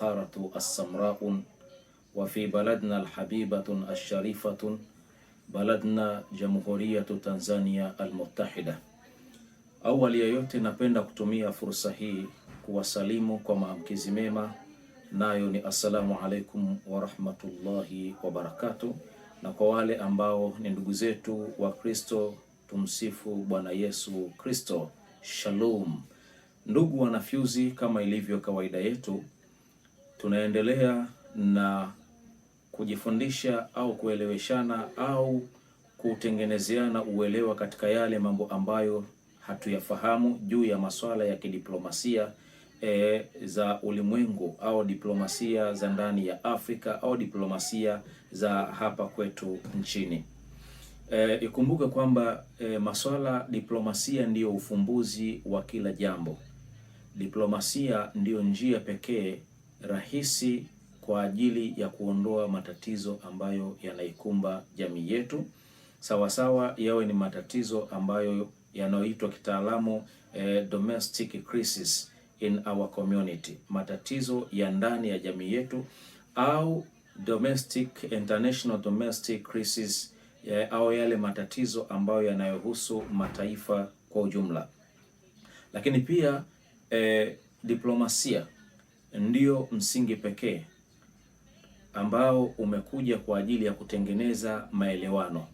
aratu assamraun wa fi baladna alhabibatun asharifatun baladna jamhuriyatu Tanzania almutahida. Awali ya yote, napenda kutumia fursa hii kuwasalimu kwa maamkizi mema, nayo ni assalamu alaikum warahmatullahi wabarakatuh, na kwa wale ambao ni ndugu zetu wa Kristo, tumsifu Bwana Yesu Kristo. Shalom ndugu wanafyuzi, kama ilivyo kawaida yetu tunaendelea na kujifundisha au kueleweshana au kutengenezeana uelewa katika yale mambo ambayo hatuyafahamu juu ya masuala ya kidiplomasia e, za ulimwengu au diplomasia za ndani ya Afrika au diplomasia za hapa kwetu nchini. E, ikumbuke kwamba e, masuala diplomasia ndiyo ufumbuzi wa kila jambo. Diplomasia ndiyo njia pekee rahisi kwa ajili ya kuondoa matatizo ambayo yanaikumba jamii yetu, sawasawa yawe ni matatizo ambayo yanayoitwa kitaalamu eh, domestic crisis in our community, matatizo ya ndani ya jamii yetu au domestic international domestic crisis ya, eh, au yale matatizo ambayo yanayohusu mataifa kwa ujumla, lakini pia eh, diplomasia ndio msingi pekee ambao umekuja kwa ajili ya kutengeneza maelewano,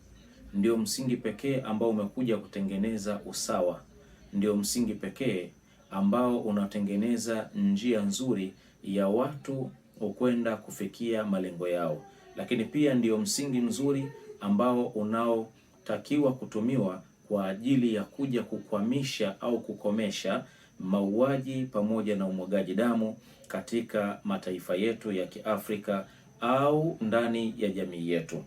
ndio msingi pekee ambao umekuja kutengeneza usawa, ndio msingi pekee ambao unatengeneza njia nzuri ya watu kwenda kufikia malengo yao, lakini pia ndio msingi mzuri ambao unaotakiwa kutumiwa kwa ajili ya kuja kukwamisha au kukomesha mauaji pamoja na umwagaji damu katika mataifa yetu ya Kiafrika au ndani ya jamii yetu.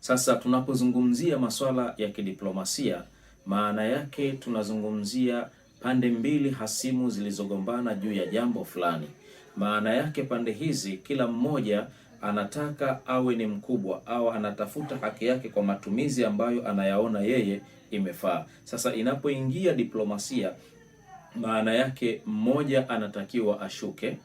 Sasa tunapozungumzia masuala ya kidiplomasia, maana yake tunazungumzia pande mbili hasimu zilizogombana juu ya jambo fulani. Maana yake pande hizi, kila mmoja anataka awe ni mkubwa au anatafuta haki yake kwa matumizi ambayo anayaona yeye imefaa. Sasa inapoingia diplomasia maana yake mmoja anatakiwa ashuke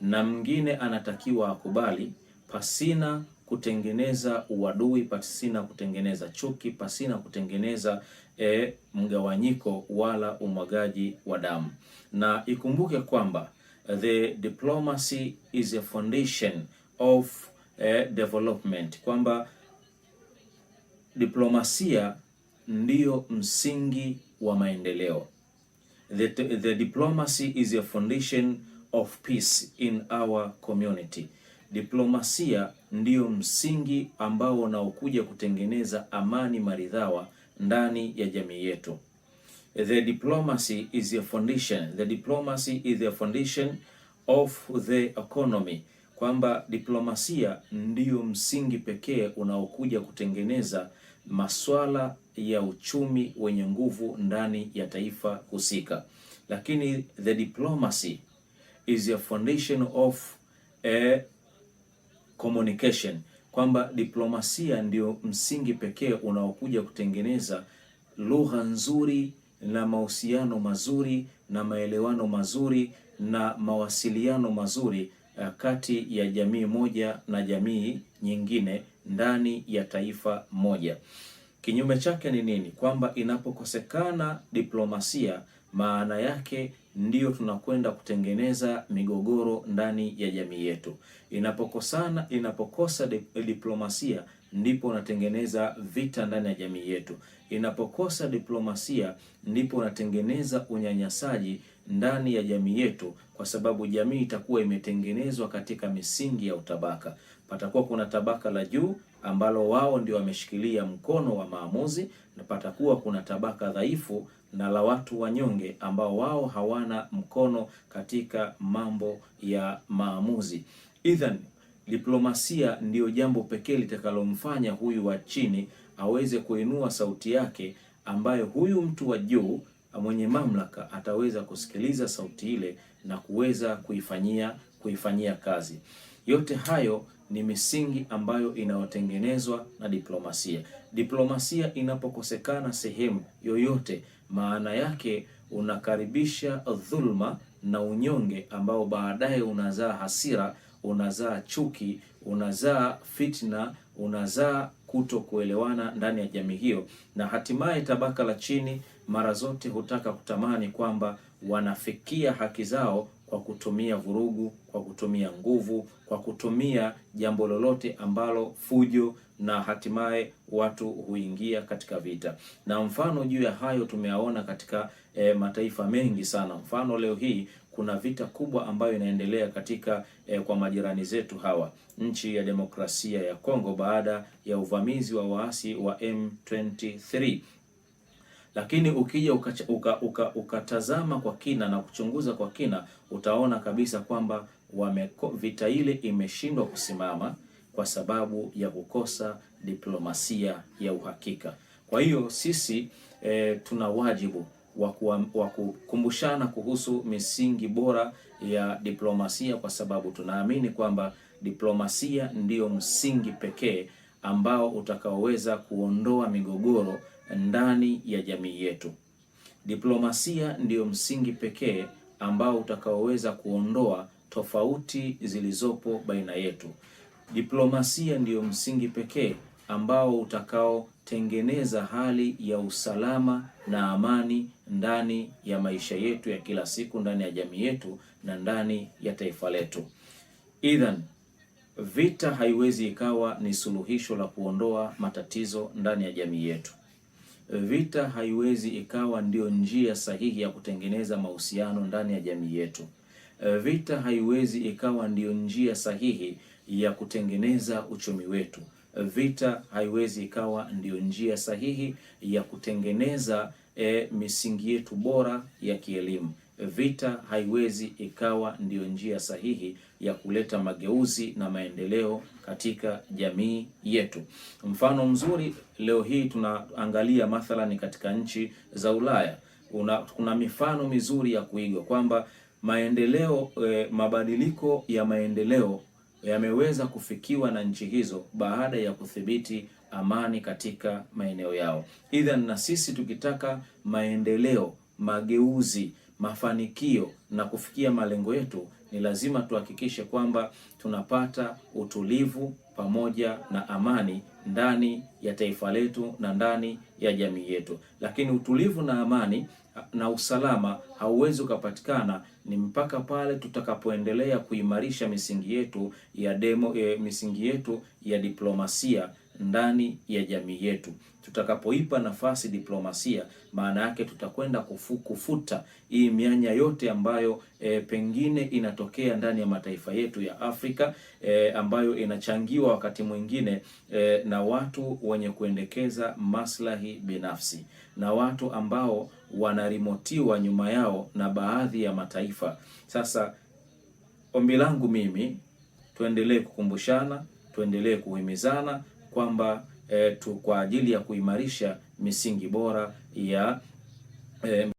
na mwingine anatakiwa akubali, pasina kutengeneza uadui, pasina kutengeneza chuki, pasina kutengeneza e, mgawanyiko wala umwagaji wa damu. Na ikumbuke kwamba the diplomacy is a foundation of e, development, kwamba diplomasia ndiyo msingi wa maendeleo. The, the diplomacy is a foundation of peace in our community. Diplomasia ndiyo msingi ambao unaokuja kutengeneza amani maridhawa ndani ya jamii yetu. The diplomacy is a foundation. The diplomacy is a foundation of the economy, kwamba diplomasia ndiyo msingi pekee unaokuja kutengeneza maswala ya uchumi wenye nguvu ndani ya taifa husika. Lakini the diplomacy is a foundation of a communication, kwamba diplomasia ndio msingi pekee unaokuja kutengeneza lugha nzuri na mahusiano mazuri na maelewano mazuri na mawasiliano mazuri eh, kati ya jamii moja na jamii nyingine ndani ya taifa moja. Kinyume chake ni nini? Kwamba inapokosekana diplomasia, maana yake ndiyo tunakwenda kutengeneza migogoro ndani ya jamii yetu. Inapokosana, inapokosa diplomasia, ndipo unatengeneza vita ndani ya jamii yetu. Inapokosa diplomasia, ndipo unatengeneza unyanyasaji ndani ya jamii yetu, kwa sababu jamii itakuwa imetengenezwa katika misingi ya utabaka. Patakuwa kuna tabaka la juu ambalo wao ndio wameshikilia mkono wa maamuzi, na patakuwa kuna tabaka dhaifu na la watu wanyonge ambao wao hawana mkono katika mambo ya maamuzi. Idhan, diplomasia ndiyo jambo pekee litakalomfanya huyu wa chini aweze kuinua sauti yake, ambayo huyu mtu wa juu mwenye mamlaka ataweza kusikiliza sauti ile na kuweza kuifanyia kuifanyia kazi. Yote hayo ni misingi ambayo inayotengenezwa na diplomasia. Diplomasia inapokosekana sehemu yoyote, maana yake unakaribisha dhulma na unyonge ambao baadaye unazaa hasira, unazaa chuki, unazaa fitna, unazaa kuto kuelewana ndani ya jamii hiyo, na hatimaye tabaka la chini mara zote hutaka kutamani kwamba wanafikia haki zao kwa kutumia vurugu, kwa kutumia nguvu, kwa kutumia jambo lolote ambalo fujo na hatimaye watu huingia katika vita. Na mfano juu ya hayo tumeyaona katika e, mataifa mengi sana. Mfano leo hii kuna vita kubwa ambayo inaendelea katika e, kwa majirani zetu hawa, nchi ya demokrasia ya Kongo baada ya uvamizi wa waasi wa M23 lakini ukija ukatazama uka, uka, uka kwa kina na kuchunguza kwa kina, utaona kabisa kwamba wameko, vita ile imeshindwa kusimama kwa sababu ya kukosa diplomasia ya uhakika. Kwa hiyo sisi e, tuna wajibu wa kukumbushana kuhusu misingi bora ya diplomasia, kwa sababu tunaamini kwamba diplomasia ndiyo msingi pekee ambao utakaoweza kuondoa migogoro ndani ya jamii yetu. Diplomasia ndiyo msingi pekee ambao utakaoweza kuondoa tofauti zilizopo baina yetu. Diplomasia ndiyo msingi pekee ambao utakaotengeneza hali ya usalama na amani ndani ya maisha yetu ya kila siku, ndani ya jamii yetu na ndani ya taifa letu. Ethan, vita haiwezi ikawa ni suluhisho la kuondoa matatizo ndani ya jamii yetu. Eh, vita haiwezi ikawa ndiyo njia sahihi ya kutengeneza mahusiano ndani ya jamii yetu. Eh, vita haiwezi ikawa ndiyo njia sahihi ya kutengeneza uchumi wetu. Eh, vita haiwezi ikawa ndiyo njia sahihi ya kutengeneza e, misingi yetu bora ya kielimu. Vita haiwezi ikawa ndiyo njia sahihi ya kuleta mageuzi na maendeleo katika jamii yetu. Mfano mzuri leo hii tunaangalia mathalani katika nchi za Ulaya una, kuna mifano mizuri ya kuigwa kwamba maendeleo e, mabadiliko ya maendeleo yameweza kufikiwa na nchi hizo baada ya kudhibiti amani katika maeneo yao. Idhan, na sisi tukitaka maendeleo, mageuzi, mafanikio na kufikia malengo yetu ni lazima tuhakikishe kwamba tunapata utulivu pamoja na amani ndani ya taifa letu na ndani ya jamii yetu. Lakini utulivu na amani na usalama hauwezi ukapatikana ni mpaka pale tutakapoendelea kuimarisha misingi yetu ya demo, e, misingi yetu ya diplomasia ndani ya jamii yetu. Tutakapoipa nafasi diplomasia, maana yake tutakwenda kufu, kufuta hii mianya yote ambayo e, pengine inatokea ndani ya mataifa yetu ya Afrika e, ambayo inachangiwa wakati mwingine e, na watu wenye kuendekeza maslahi binafsi na watu ambao wanarimotiwa nyuma yao na baadhi ya mataifa. Sasa ombi langu mimi, tuendelee kukumbushana, tuendelee kuhimizana kwamba e, tu kwa ajili ya kuimarisha misingi bora ya e,